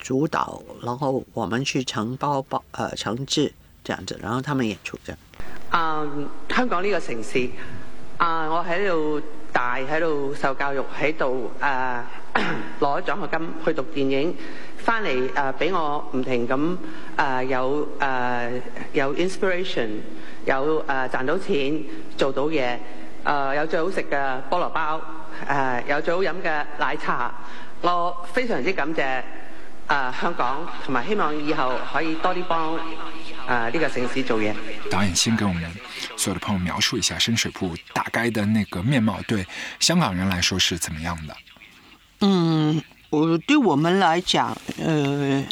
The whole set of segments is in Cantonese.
主導，然後我們去承包包，誒、呃，承製這樣子，然後他們也出嘅。Uh, 香港呢個城市啊，uh, 我喺度大喺度受教育，喺度誒攞咗獎學金去讀電影，翻嚟誒俾我唔停咁誒、uh, 有誒、uh, 有 inspiration，有誒、uh, 賺到錢做到嘢，誒、uh, 有最好食嘅菠蘿包，誒、uh, 有最好飲嘅奶茶，我非常之感謝。啊，香港同埋希望以後可以多啲幫啊呢個城市做嘢。導演先跟我們所有的朋友描述一下深水埗大概的那個面貌，對香港人來說是怎麼樣的？嗯，我對我們來講，呃，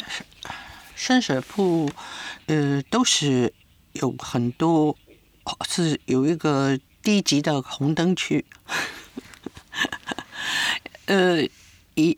深水埗，呃，都是有很多是有一個低級的紅燈區， 呃，一。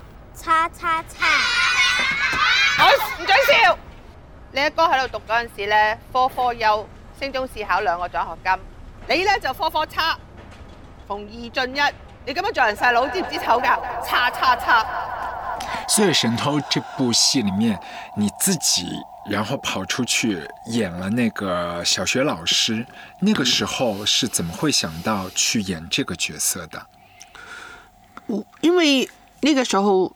叉叉叉！唔、啊、唔准笑！你阿哥喺度讀嗰陣時咧，科科優，升中試考兩個獎學金。你咧就科科差，逢二進一。你今日做人細佬，知唔知醜噶？叉叉叉！《歲月神偷》這部戲裏面，你自己然後跑出去演了那個小學老師，那個時候是怎麼會想到去演這個角色的？因為那個時候。